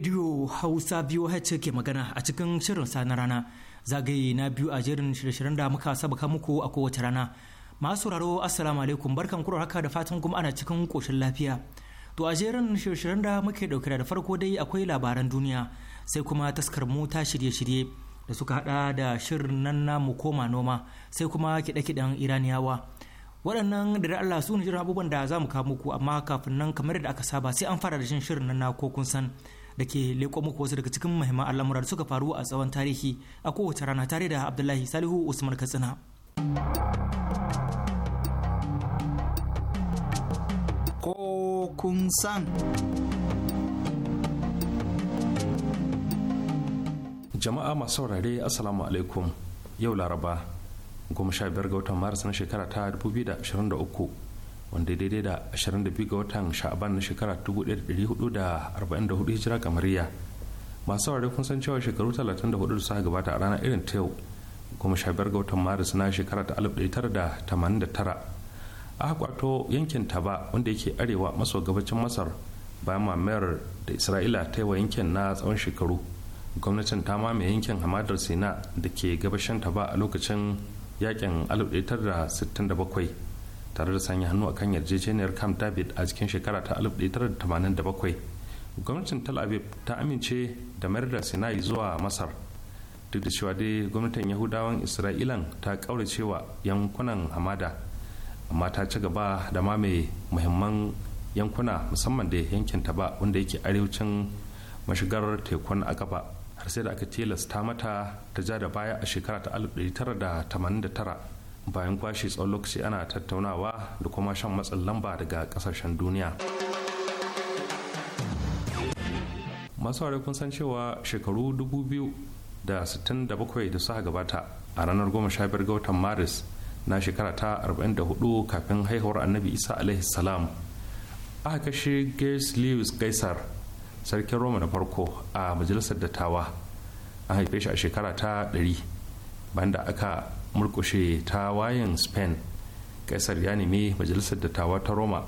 Radio Hausa biyu VOH ke magana a cikin shirin sa rana zagaye na biyu a jerin shirye-shiryen da muka sabaka muku a kowace rana. Masu sauraro Assalamu alaikum barkan kuro haka da fatan kuma ana cikin koshin lafiya. To a jerin shirye-shiryen da muke dauke da farko dai akwai labaran duniya sai kuma taskar mu ta shirye-shirye da suka hada da shirin nan namu koma noma sai kuma kiɗe-kiɗen Iraniyawa. Waɗannan da Allah su ne shirin abubuwan da za mu kawo muku amma kafin nan kamar da aka saba sai an fara da shirin nan na ko kun san. da ke leƙo muku wasu daga cikin muhimman al'amura da suka faru a tsawon tarihi a kowace rana tare da Abdullahi Salihu Usman Katsina. Ko kun san. Jama'a masu saurare Assalamu alaikum yau Laraba goma biyar ga watan Maris na shekara ta 2023 wanda daidai da 22 ga watan sha'aban na shekara 1444 hijira kamariya masu saurari kun san cewa shekaru 34 da suka gabata a rana irin ta yau kuma 15 ga watan maris na shekara ta 1989 aka kwato yankin taba wanda yake arewa maso gabacin masar bayan mamayar da isra'ila ta yi wa yankin na tsawon shekaru gwamnatin ta mamaye yankin hamadar sina da ke gabashin taba a lokacin yakin 1967 tare da sanya hannu kan yarjejeniyar camp david a cikin shekara ta 1987 gwamnatin tel aviv ta amince da mayar da sinai zuwa masar duk da cewa dai gwamnatin yahudawan isra'ilan ta kauracewa yankunan hamada amma ta ci gaba da mai muhimman yankuna musamman da yankin ba wanda yake arewacin mashigar tekun a gaba har sai da aka tilasta mata ta ja da baya a shekara ta 1989 bayan kwashe tsawon lokaci ana tattaunawa da kuma shan matsin lamba daga kasashen duniya masu kun san cewa shekaru 2067 da suka gabata a ranar 15 ga watan maris na shekara ta 44 kafin haihuwar annabi isa alaihi salam aka kashe gaius lewis gaisar sarkin roma na farko a majalisar dattawa an haife shi a shekara ta 100 banda aka murkushe ta wayan spain kaisar ya nemi majalisar dattawa ta roma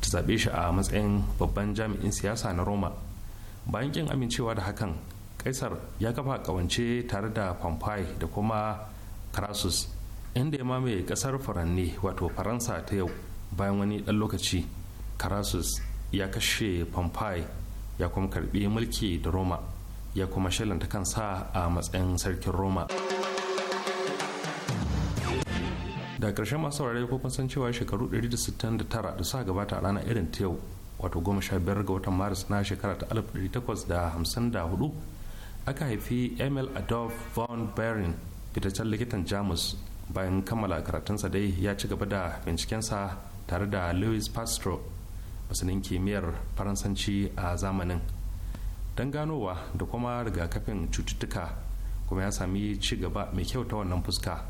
ta zaɓe shi a matsayin babban jami'in siyasa na roma bayan ƙin amincewa da hakan kaisar ya kafa ƙawance tare da pompey da kuma crassus inda ya mamaye ƙasar faranne wato faransa ta yau bayan wani ɗan lokaci crassus ya kashe pompey ya kuma karbi mulki da roma ya kuma shalanta kansa a matsayin sarkin roma da karshe masu saurare ko kun san cewa shekaru 169 da sa gabata a ranar irin ta yau wato 15 ga watan maris na shekara ta 1854 aka haifi emil adolf von bering fitaccen likitan jamus bayan kammala karatunsa dai ya ci gaba da bincikensa tare da louis pastor masanin kimiyyar faransanci a zamanin don ganowa da kuma rigakafin cututtuka kuma ya sami ci gaba mai kyau ta wannan fuska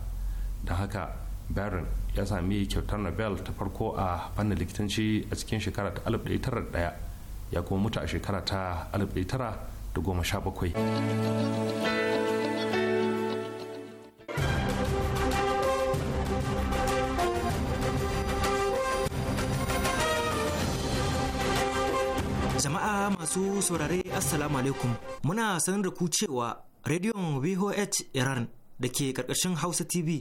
don haka baron ya sami kyautar nobel ta farko a fannin likitanci a cikin shekara ta 1901 ya kuma mutu a shekara ta da goma sha bakwai. Jama'a masu saurare Assalamu alaikum muna sanar da ku cewa rediyon VOH Iran da ke karkashin Hausa TV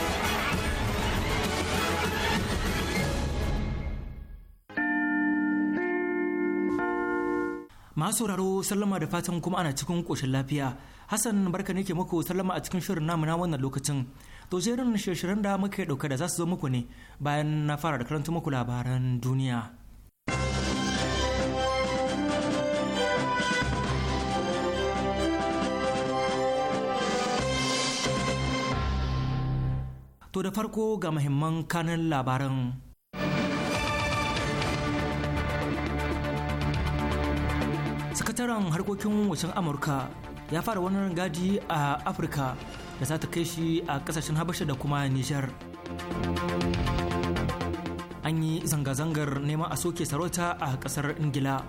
masu sauraro sallama da fatan kuma ana cikin koshin lafiya hassan barka ne ke muku sallama a cikin shirin namu na wannan lokacin to jerin shirin da muke dauka da za su zo muku ne bayan na fara da karanta muku labaran duniya to da farko ga muhimman kanan labaran sakataren harkokin wasan amurka ya fara wani rangadi a afirka da za ta kai shi a kasashen habasha da kuma nijar an yi zanga-zangar neman a soke sarauta a ƙasar ingila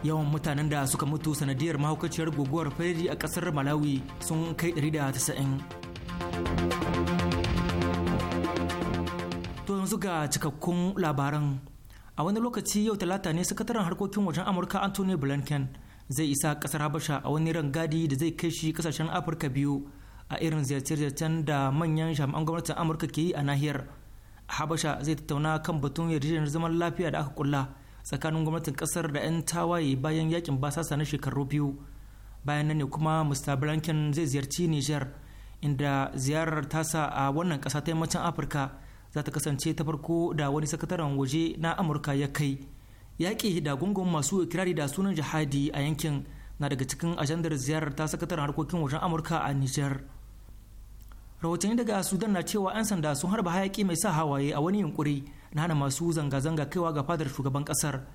yawan mutanen da suka mutu sanadiyar mahaukaciyar guguwar fari a ƙasar malawi sun kai ɗari da to yanzu ga cikakkun labaran a wani lokaci yau talata ne sakataren harkokin wajen amurka anthony blinken zai isa kasar habasha a wani rangadi da zai kai shi kasashen afirka biyu a irin ziyarce-ziyarcen da manyan jami'an gwamnatin amurka ke yi a nahiyar habasha zai tattauna kan batun yarjejeniyar zaman lafiya da aka kulla tsakanin gwamnatin kasar da 'yan tawaye bayan yakin basasa na shekaru biyu bayan nan ne kuma mr blinken zai ziyarci niger inda ziyarar tasa a wannan kasa ta yammacin afirka za ta kasance ta farko da wani sakataren waje na amurka ya kai yaƙi da gungun masu ikirari da sunan jihadi a yankin na daga cikin ajandar ziyarar ta sakataren harkokin wajen amurka a niger rahotanni daga sudan na cewa 'yan sanda sun harba hayaki mai sa hawaye a wani yunkuri na hana masu zanga-zanga kaiwa ga fadar shugaban kasar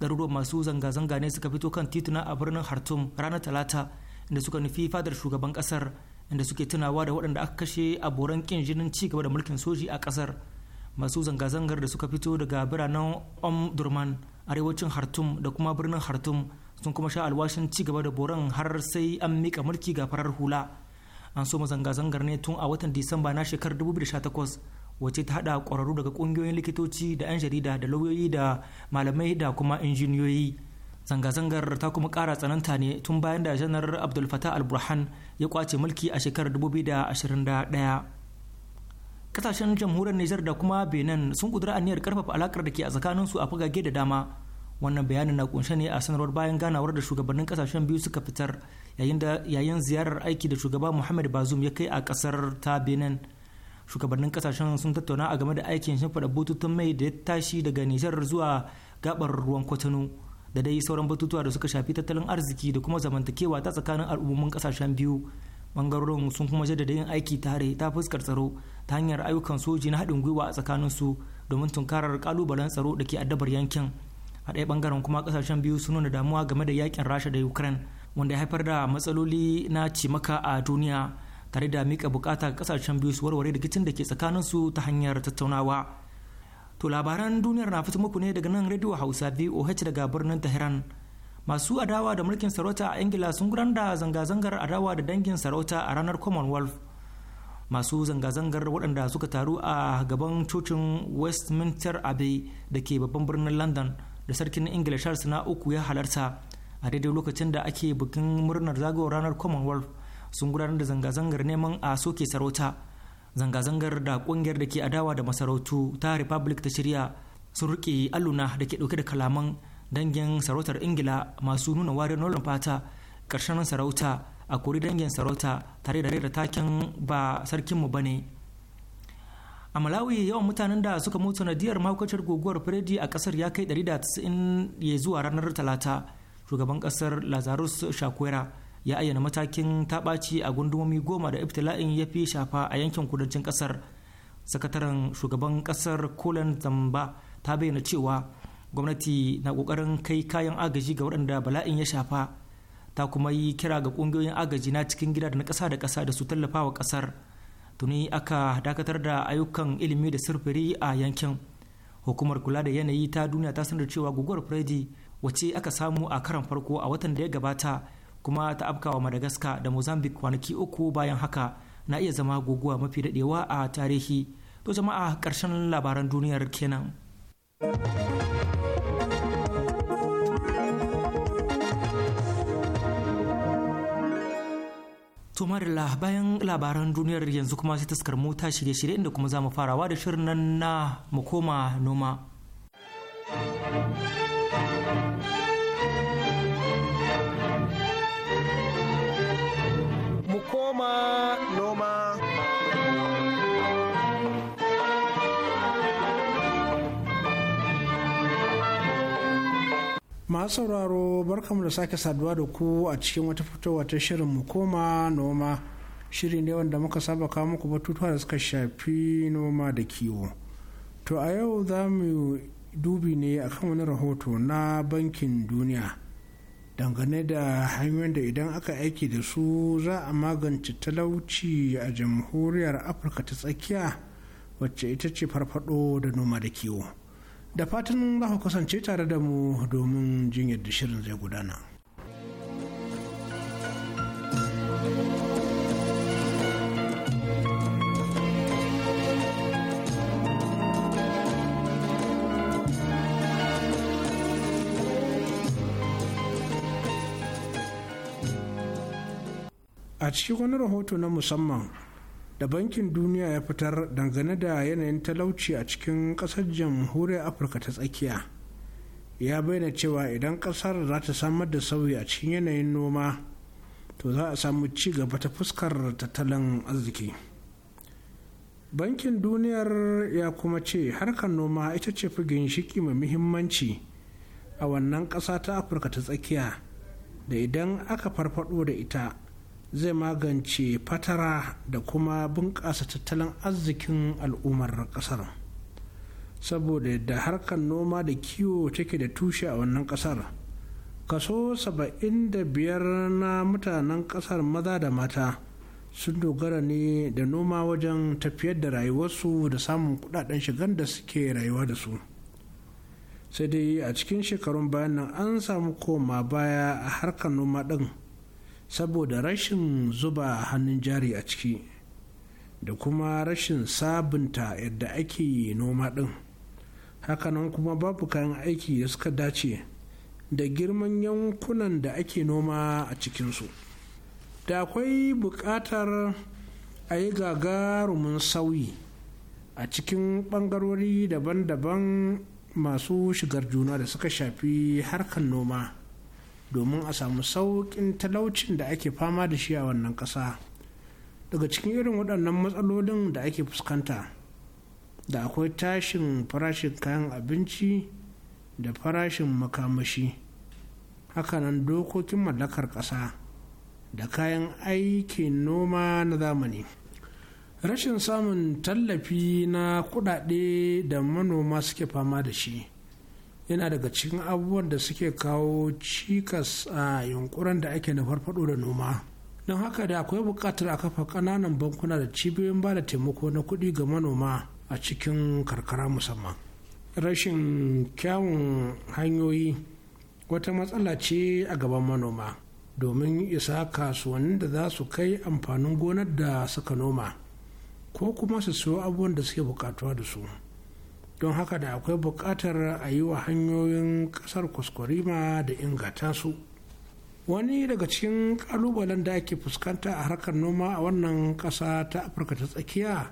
garuruwan masu zanga-zanga ne suka fito kan tituna a birnin hartum ranar talata inda suka nufi fadar shugaban kasar inda suke tunawa da waɗanda aka kashe a boran ƙin jinin ci gaba da mulkin soji a kasar masu zanga-zangar da suka fito daga biranen omdurman arewacin hartum da kuma birnin hartum sun kuma sha alwashin ci gaba da boron har sai an mika mulki ga farar hula an soma zanga-zangar ne tun a watan disamba na shekarar 2018 wace ta haɗa kwararru daga kungiyoyin likitoci da 'yan jarida da lauyoyi da malamai da kuma injiniyoyi zanga-zangar ta kuma kara tsananta ne tun bayan da janar abdul alburhan al ya kwace mulki a shekarar 2021 kasashen jamhuriyar nijar da kuma benin sun kudura aniyar karfafa alakar da ke a tsakanin su a fagage da dama wannan bayanin na kunshe ne a sanarwar bayan ganawar da shugabannin kasashen biyu suka fitar yayin da yayin ziyarar aiki da shugaba muhammad bazum ya kai a kasar ta benin shugabannin kasashen sun tattauna a game da aikin shimfiɗa bututun mai da ya tashi daga nijar zuwa gabar ruwan kwatano da dai sauran batutuwa da suka shafi tattalin arziki da kuma zamantakewa ta tsakanin al'ummomin kasashen biyu bangarorin sun kuma jaddada yin aiki tare ta fuskar tsaro ta hanyar ayyukan soji na haɗin gwiwa a tsakanin su domin tunkarar kalubalen tsaro da ke addabar yankin a ɗaya bangaren kuma kasashen biyu sun nuna damuwa game da yakin rasha da ukraine wanda ya haifar da matsaloli na cimaka a duniya tare da mika bukata kasashen biyu su warware rikicin da ke tsakanin su ta hanyar tattaunawa to labaran duniyar na fita muku ne daga nan radio hausa voh daga birnin tehran masu adawa da mulkin sarauta a ingila sun gudanar da zanga-zangar adawa da dangin sarauta a ranar commonwealth masu zanga-zangar waɗanda suka taru a gaban cocin westminster abbey da ke babban birnin london da sarkin ingila charles na uku ya halarta a daidai lokacin da ake bikin murnar zagawar ranar commonwealth sun gudanar da zanga-zangar neman a soke sarauta zanga-zangar da kungiyar da ke adawa da masarautu ta republic ta shirya sun rike alluna da ke dauke da kalaman dangin sarautar ingila masu nuna wariyar nolan fata karshen sarauta a kori dangin sarauta tare da da taken ba sarkinmu ba ne a malawi yawan mutanen da suka mutu na diyar makwacin guguwar freddy a kasar ya kai 190 ya zuwa ranar talata shugaban kasar lazarus shakwera ya ayyana matakin taɓaci a gundumomi goma da iftila'in ya fi shafa a yankin kudancin kasar sakataren shugaban kasar kolen zamba ta bayyana cewa gwamnati na kokarin kai kayan agaji ga waɗanda bala'in ya shafa ta kuma yi kira ga ƙungiyoyin agaji na cikin gida da na ƙasa da ƙasa da su tallafa wa ƙasar tuni aka dakatar da ayyukan ilimi da sirfiri a yankin hukumar kula da yanayi ta duniya ta sanar cewa guguwar freddy wacce aka samu a karan farko a watan da ya gabata kuma ta afkawa madagascar da mozambique kwanaki uku bayan haka na iya zama guguwa mafi daɗewa a tarihi to jama'a ƙarshen labaran duniyar kenan. Tumarila bayan labaran duniyar yanzu kuma sai taskar mota shirye-shirye inda kuma za mu farawa da shirin nan na mu koma noma. masu sauraro barkamu da sake saduwa da ku a cikin wata fitowa ta shirin mu koma noma shiri ne wanda muka saba kawo muku batutuwa da suka shafi noma da kiwo to a yau za mu dubi ne a kan wani rahoto na bankin duniya dangane da hanyoyin da idan aka aiki da su za a magance talauci a jamhuriyar afirka ta tsakiya wacce ita ce farfado da noma da kiwo da fatan za ku kasance tare da mu domin jin yadda shirin zai gudana. a cikin wani rahoto na musamman da bankin duniya ya fitar dangane da yanayin talauci a cikin kasar jamhuriyar afirka ta tsakiya ya bayyana cewa idan kasar za ta samar da sauyi a cikin yanayin noma to za a samu ci gaba ta fuskar tattalin arziki bankin duniyar ya kuma ce harkar noma ita ce fi ginshiki mai muhimmanci a wannan ƙasa ta afirka ta tsakiya da idan aka farfado da ita zai magance fatara da kuma bunƙasa tattalin arzikin al'ummar ƙasar saboda da harkar noma da kiwo take da tushe a wannan ƙasar kaso 75 na mutanen ƙasar maza da mata sun dogara ne da noma wajen tafiyar da rayuwarsu da samun kudaden shigan da suke rayuwa da su sai dai a cikin shekarun bayan nan an samu koma baya a harkar noma ɗin saboda rashin zuba hannun jari a ciki da kuma rashin sabunta yadda ake noma ɗin hakanan kuma babu kayan aiki da suka dace da girman yankunan da ake noma a cikinsu da akwai buƙatar a yi gagarumin sauyi a cikin ɓangarori daban-daban masu shigar juna da suka shafi harkar noma domin a samu sauƙin talaucin da ake fama da shi a wannan ƙasa daga cikin irin waɗannan matsalolin da ake fuskanta da akwai tashin farashin kayan abinci da farashin makamashi hakanan dokokin mallakar ƙasa da kayan aikin noma na zamani rashin samun tallafi na kuɗaɗe da manoma suke fama da shi yana daga cikin abubuwan da suke kawo cikas a yunkurin da ake na farfado da noma don haka da akwai buƙatar a kafa ƙananan bankuna da cibiyoyin ba da taimako na kuɗi ga manoma a cikin karkara musamman rashin kyawun hanyoyi wata matsala ce a gaban manoma domin isa kasuwannin da za su kai amfanin gonar da suka noma ko kuma su siyo abubuwan da suke bukatuwa da su don haka da akwai buƙatar a yi wa hanyoyin ƙasar kuskurima da ingata su wani daga cikin ƙalubalen da ake fuskanta a harkar noma a wannan ƙasa ta afirka ta tsakiya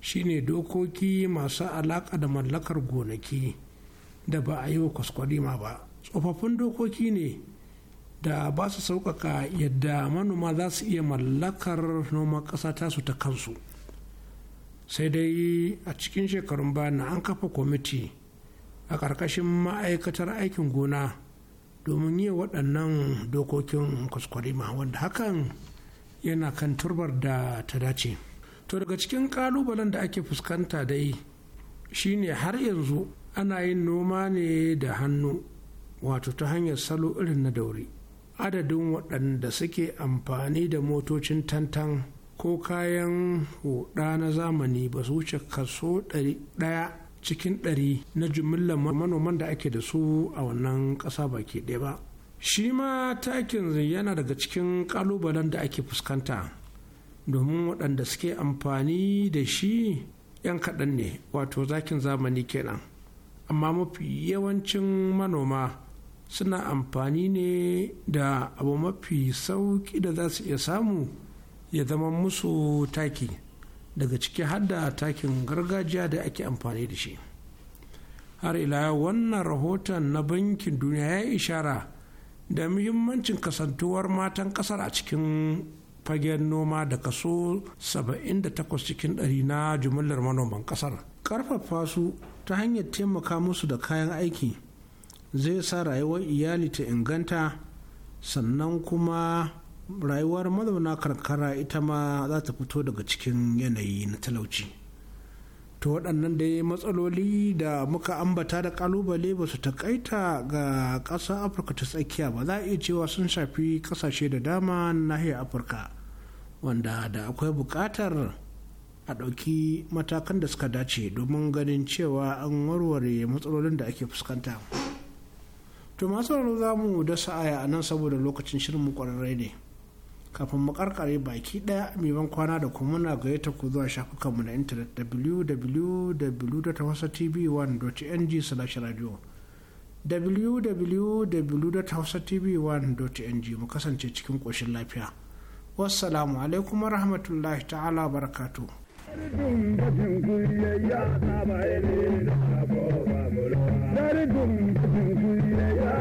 shine dokoki masu alaƙa da mallakar gonaki da ba a yi wa kuskurima ba tsofaffin dokoki ne da ba su sauƙaƙa yadda manoma za su iya mallakar noman ƙasa tasu ta kansu sai dai a cikin shekarun bana an kafa kwamiti a ƙarƙashin ma'aikatar aikin gona domin yi waɗannan dokokin ma wanda hakan yana kan turbar da ta dace to daga cikin ƙalubalen da ake fuskanta dai shine har yanzu ana yin noma ne da hannu wato ta hanyar salo irin na dauri adadin waɗanda suke amfani da motocin tantan ko kayan huda na zamani ba su wuce kaso ɗaya cikin ɗari na jumillar manoman da ake da su a wannan ƙasa baki ɗaya ba shi ma takin yana daga cikin ƙalubalen da ake fuskanta domin waɗanda suke amfani da shi 'yan kaɗan ne wato zakin zamani kenan amma mafi yawancin manoma suna amfani ne da abu mafi sauƙi da za su iya samu ya zama musu taki daga ciki hadda takin gargajiya da ake amfani da shi har ila wannan rahoton na bankin duniya ya ishara da muhimmancin kasantuwar matan kasar a cikin fagen noma da kaso 78 cikin ɗari na jumlar manoman kasar karfafa su ta hanyar taimaka musu da kayan aiki zai sa rayuwar iyali ta inganta sannan kuma rayuwar mazauna karkara ita ma za ta fito daga cikin yanayi na talauci to waɗannan dai matsaloli da muka ambata da kalubale ba su takaita ga ƙasa afirka ta tsakiya ba za a iya cewa sun shafi ƙasashe da dama nahiyar afirka wanda da akwai buƙatar a ɗauki matakan da suka dace domin ganin cewa an warware matsalolin da ake fuskanta to masu za mu da sa'aya a nan saboda lokacin shirin mu ƙwararre ne kafin mu karkare baki daya mai ban kwana da kuma muna gayyata ku zuwa shafukanmu na intanet www.hausatv1.ng/radio slash www.hausatv1.ng mu kasance cikin koshin lafiya wassalamu alaikum wa rahmatullahi ta'ala wa barakatu Dari dum dum kulle ya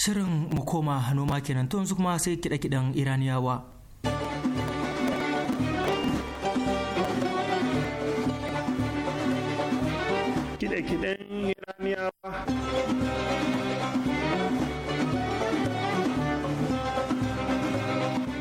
Shirin mu koma noma kenan to yanzu kuma sai kiɗa kiɗan Iraniyawa. kiɗa kiɗan Iraniyawa.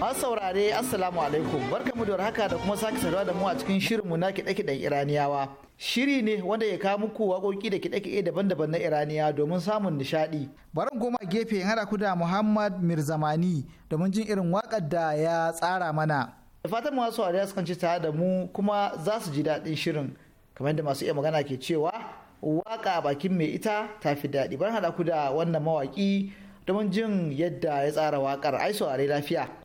masu saurare assalamu alaikum barkamu da haka da kuma sake saduwa da mu a cikin shirinmu na kiɗe-kiɗen iraniyawa shiri ne wanda ya kawo muku waƙoƙi da kiɗe-kiɗe daban-daban na iraniya domin samun nishaɗi barin goma gefe in hada ku da muhammad mirzamani domin jin irin wakar da ya tsara mana da fatan masu saurare su kanci tare da mu kuma za su ji daɗin shirin kamar yadda masu iya magana ke cewa waƙa bakin mai ita ta fi daɗi barin hada ku da wannan mawaƙi domin jin yadda ya tsara waƙar ai saurare lafiya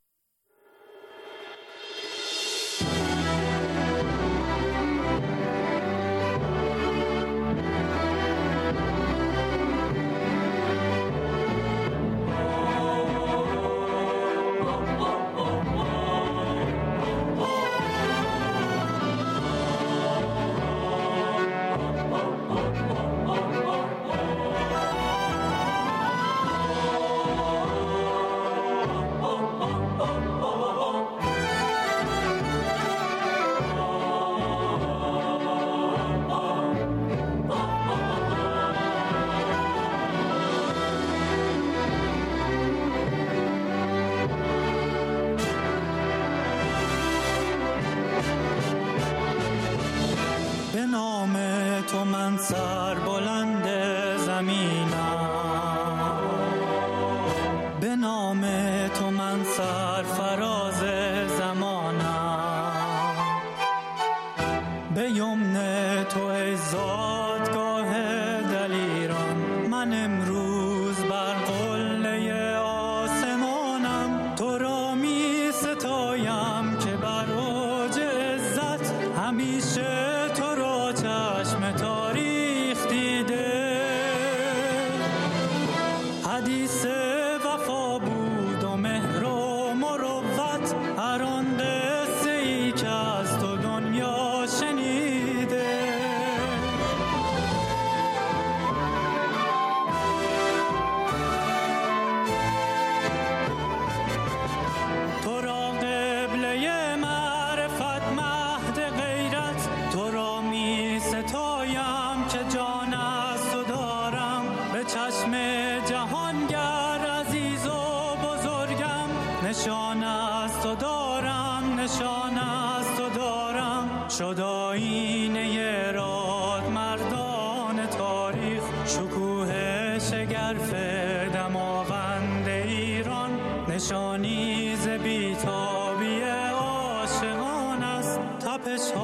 empezó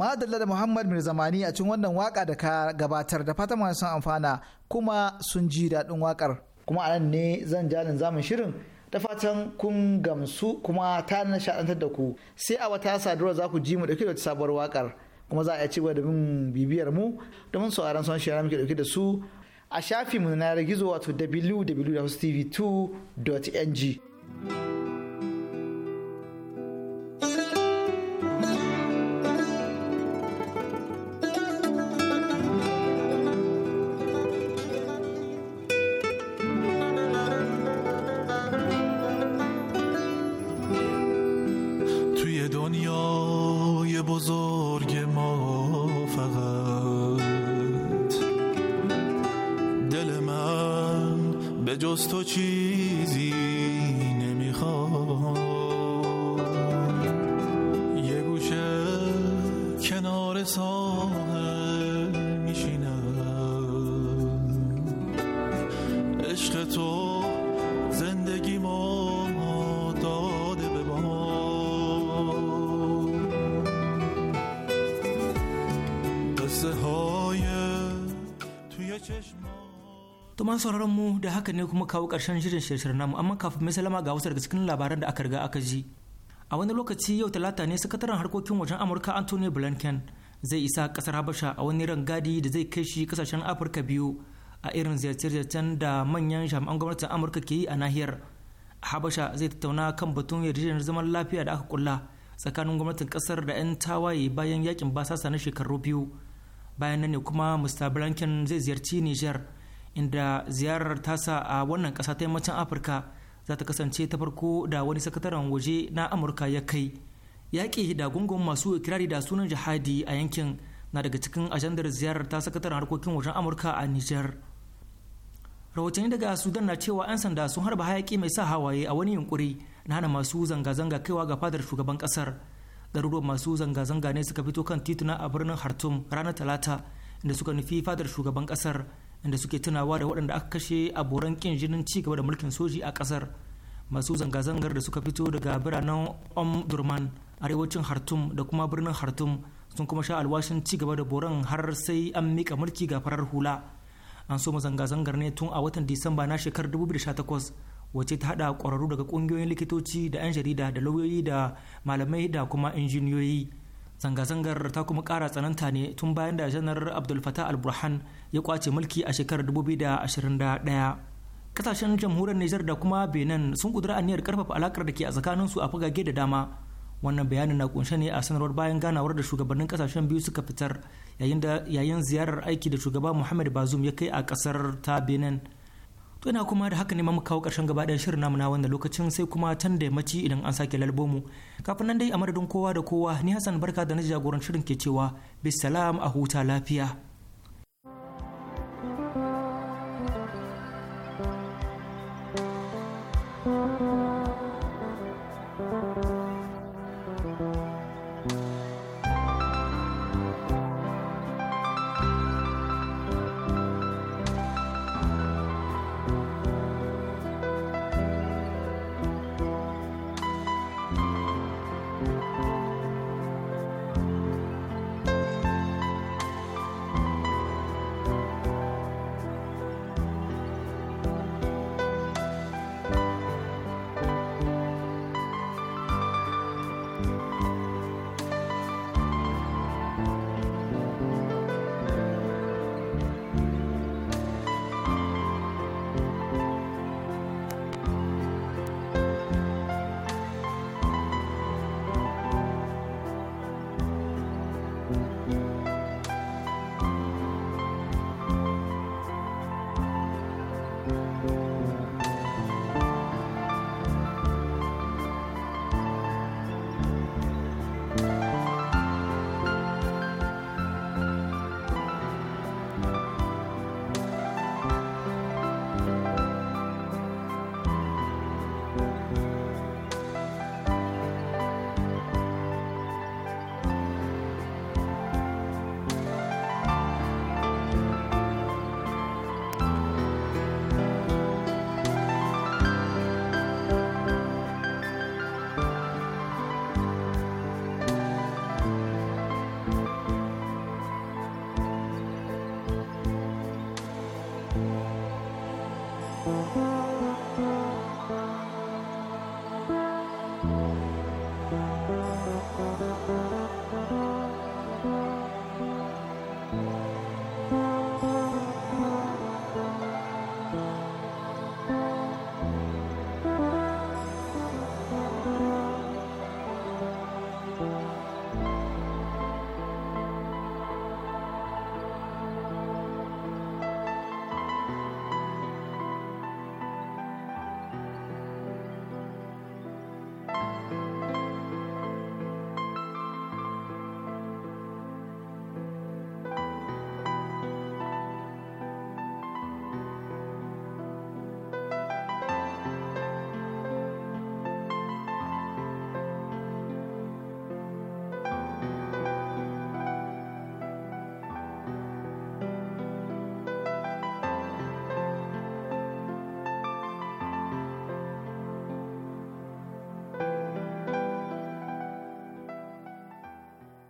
madalla da muhammad mirzamani a cikin wannan waka da ka gabatar da fata masu amfana kuma sun ji daɗin wakar kuma anan ne zan jalin zamun shirin da fatan kun gamsu kuma ta nishaɗantar da ku sai a wata sadarwa za ku ji mu dauke da sabuwar wakar kuma za a ci gaba da bin bibiyar mu domin sauraron son shirya muke dauke da su a shafinmu na gizo wato www.tv2.ng. Dios to ci kuma sauraron mu da haka ne kuma kawo ƙarshen shirin shirin namu amma kafin mai salama ga wasu daga cikin labaran da aka riga aka ji. A wani lokaci yau talata ne sakataren harkokin wajen Amurka Anthony Blinken zai isa kasar Habasha a wani rangadi da zai kai shi kasashen Afirka biyu a irin ziyarce-ziyarcen da manyan jami'an gwamnatin Amurka ke yi a nahiyar. Habasha zai tattauna kan batun yarjejeniyar zaman lafiya da aka kulla tsakanin gwamnatin kasar da 'yan tawaye bayan yakin basasa na shekaru biyu. Bayan nan ne kuma Mr. Blinken zai ziyarci Niger. inda ziyarar tasa a wannan ƙasa ta yammacin afirka za ta kasance ta farko da wani sakataren waje na amurka ya kai yaƙi da gungun masu ikirari da sunan jihadi a yankin na daga cikin ajandar ziyarar ta sakataren harkokin wajen amurka a niger rahotanni daga sudan na cewa 'yan sanda sun harba hayaƙi mai sa hawaye a wani yunkuri na hana masu zanga-zanga kaiwa ga fadar shugaban ƙasar garuruwan masu zanga-zanga ne suka fito kan tituna a birnin hartum ranar talata inda suka nufi fadar shugaban ƙasar inda suke tunawa da waɗanda aka kashe a boran kin jinin ci gaba da mulkin soji a ƙasar masu zanga-zangar da suka fito daga biranen omdurman arewacin hartum da kuma birnin hartum sun kuma sha alwashin ci gaba da boran har sai an mika mulki ga farar hula an so zanga-zangar ne tun a watan disamba na shekarar 2018 wace ta haɗa ƙwararru daga ƙungiyoyin likitoci da 'yan jarida da lauyoyi da malamai da kuma injiniyoyi zanga-zangar ta kuma kara tsananta ne tun bayan da janar abdul fatah al-burhan ya kwace mulki a shekarar 2021 kasashen jamhuriyar nijar da kuma benin sun kudura aniyar karfafa alakar da ke a tsakanin su a fagage da dama wannan bayanin na kunshe ne a sanarwar bayan ganawar da shugabannin kasashen biyu suka fitar yayin ziyarar aiki da shugaba muhammad bazum ya kai a kasar ta benin to ina kuma da haka ne ma kawo karshen gaba ɗaya shirin namu na wannan lokacin sai kuma can da yammaci idan an sake lalbomu kafin nan dai a madadin kowa da kowa ni hassan barka da na jagoran shirin ke cewa salam a huta lafiya thank you